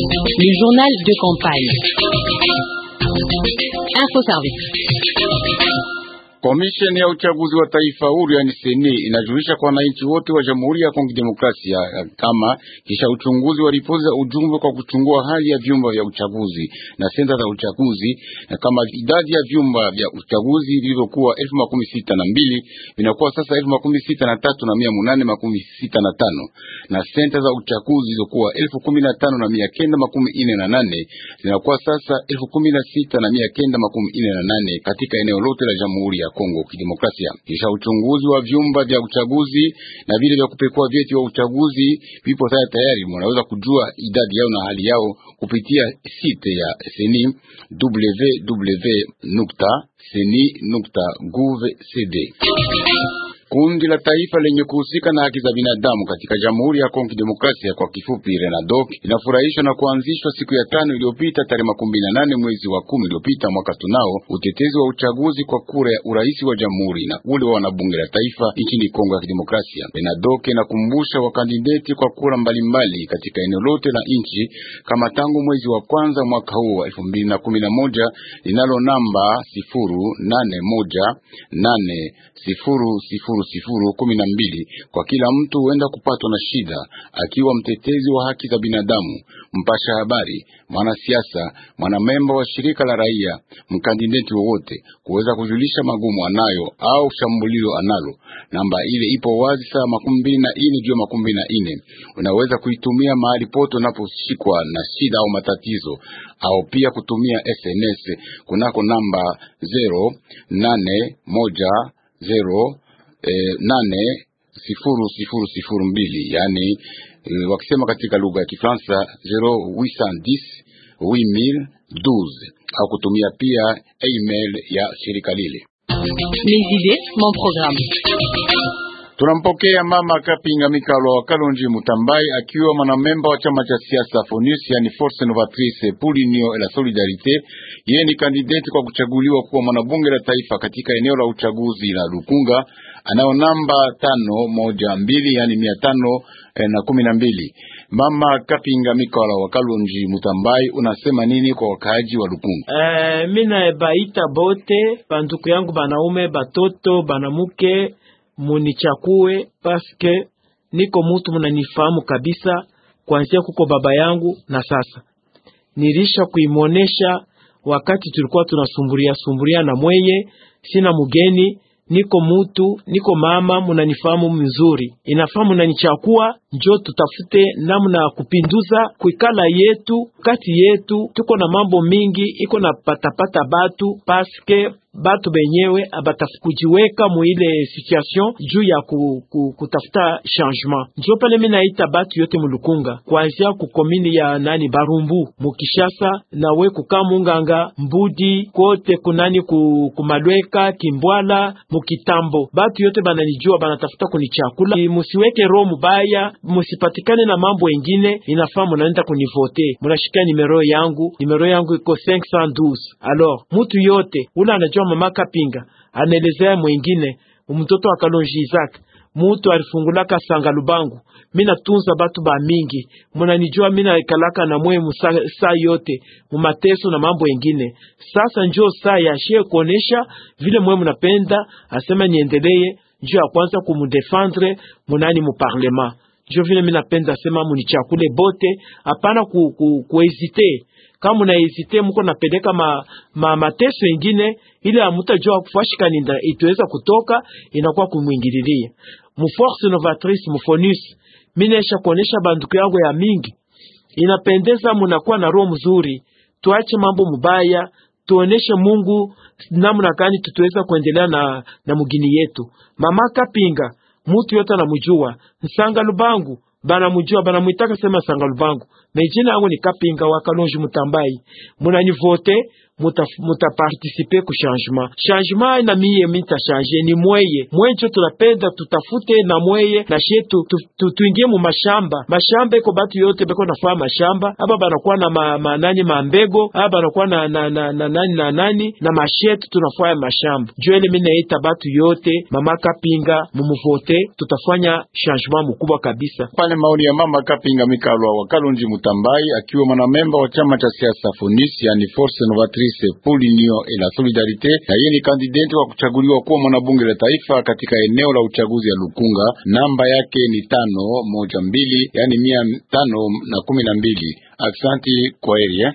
Le journal de campagne. Info service. Komisheni ya uchaguzi wa taifa huru yani seni inajulisha kwa wananchi wote wa Jamhuri ya Kongo Demokrasia kama kisha uchunguzi wa walipoza ujumbe kwa kuchungua hali ya vyumba vya uchaguzi na senta za uchaguzi, na kama idadi ya vyumba vya uchaguzi vilivyokuwa elfu makumi sita na mbili vinakuwa sasa elfu makumi sita na tatu na mia munane makumi sita na tano na senta za uchaguzi zilizokuwa elfu kumi na tano na mia kenda makumi ine na nane zinakuwa sasa elfu kumi na sita na mia kenda makumi ine na nane katika eneo lote la Jamhuri ya Kongo Kidemokrasia. Kisha uchunguzi wa vyumba vya uchaguzi na vile vya kupekua vyeti wa uchaguzi vipo sasa tayari, mnaweza kujua idadi yao na hali yao kupitia site ya seni www.seni.gov.cd. Kundi la taifa lenye kuhusika na haki za binadamu katika Jamhuri ya Kongo Kidemokrasia kwa kifupi RENADOC inafurahishwa na kuanzishwa siku ya tano iliyopita tarehe makumi na nane mwezi wa kumi iliyopita mwaka tunao utetezi wa uchaguzi kwa kura ya urais wa jamhuri na ule wa wanabunge la taifa nchini Kongo ya Kidemokrasia. RENADOC inakumbusha wakandideti kwa kura mbalimbali katika eneo lote la nchi kama tangu mwezi wa kwanza mwaka huu wa elfu mbili na kumi na moja linalo namba sifuru nane moja nane sifuru sifuru mbili kwa kila mtu huenda kupatwa na shida, akiwa mtetezi wa haki za binadamu, mpasha habari, mwanasiasa, mwanamemba wa shirika la raia, mkandideti wowote kuweza kujulisha magumu anayo au shambulio analo. Namba ile ipo wazi saa makumi mbili na ine juu ya makumi mbili na ine. Unaweza kuitumia mahali pote unaposhikwa na shida au matatizo, au pia kutumia SMS kunako namba zero nane moja zero eh, nane sifuru sifuru sifuru mbili, yaani wakisema katika lugha ya Kifaransa 0810 8012 au kutumia pia email ya shirika lile. idées mon programme Tunampokea mama Kapinga Mikalo wa Kalonji Mutambai akiwa mwanamemba wa chama cha siasa FONUS, yani Force Novatrice pour l'Union et la Solidarite. Yeye ni kandidati kwa kuchaguliwa kuwa mwanabunge la taifa katika eneo la uchaguzi la Lukunga, anao namba tano moja mbili yani mia tano eh, na kumi na mbili. Mama Kapinga Mikola wa Kalonji Mutambai, unasema nini kwa wakaaji wa Lukunga? Eh, mina baita bote banduku yangu banaume batoto banamuke munichakue paske niko mutu munanifahamu kabisa, kuanzia kuko baba yangu na sasa nilisha kuimonesha wakati tulikuwa tunasumburia sumburia na mweye, sina mugeni, niko mutu, niko mama, munanifahamu mzuri, inafaa munanichakua. Njo tutafute namna ya kupinduza kuikala yetu kati yetu, tuko na mambo mingi iko na patapata batu paske batu benyewe abatakujiweka ah, muile situation juu ya ku, ku, kutafuta changement. Njo pale mimi naita batu yote mulukunga kuanzia ku komini ya nani Barumbu mukishasa nawe kukamunganga mbudi kote kunani ku, kumalweka Kimbwala mukitambo batu yote bananijua banatafuta kunichakula. Musiweke roho mubaya, musipatikane na mambo engine. Inafaa munaenda kunivote, munashikia nimero yangu, nimero yangu iko 512. Alors mutu yote ula anajua aliitwa Mama Kapinga, anaelezea mwingine mtoto wa Kalonji Isaac mutu alifungulaka sanga lubangu, mina natunza batu ba mingi, munanijua mina ekalaka na mwe musa, saa yote mumateso na mambo engine. Sasa njo saa yashie kuonesha vile mwe munapenda asema niendeleye, njo ya kwanza kumudefendre munani muparlema. Njo vile napenda asema munichakule bote, apana kuhezite ku, ku kama munaezite muko napeleka ma, ma, mateso ingine ile amutajua kufashika ninda itweza kutoka inakuwa kumwingililia muforce novatrice mufonus minesha kuonesha banduku yangu ya mingi inapendeza, munakuwa na roho mzuri. Tuache mambo mubaya, tuoneshe Mungu namna gani tutaweza kuendelea na, na mugini yetu. Mama Kapinga mutu yote anamujua Nsanga Lubangu banamujua banamwitaka sema Sanga Lubangu, mejina yangu ni Kapinga wa Kalonji Mutambai. Munanivote mutapartisipe ku changement changement na miye change ni mweye mwecho tunapenda tutafute na mweye na shetu tuingie mu mashamba mashamba iko batu yote beko nafaa mashamba aba banakuwa na ma, ma, nani mambego aba banakuwa na, na, na, na, nani na nani na mashetu tunafaa mashamba juele minaita batu yote mama kapinga mumuvote tutafanya changement mkubwa kabisa pale maoni ya mama kapinga mikalwa kalonji mutambai akiwa mwanamemba wa chama cha siasa funisi yani force novatrice Evariste Polinio e la solidarité na yeye ni kandidenti wa kuchaguliwa kuwa mwanabunge la taifa katika eneo la uchaguzi ya Lukunga. Namba yake ni tano moja mbili, yani mia tano na kumi na mbili. Aksanti kwa elie.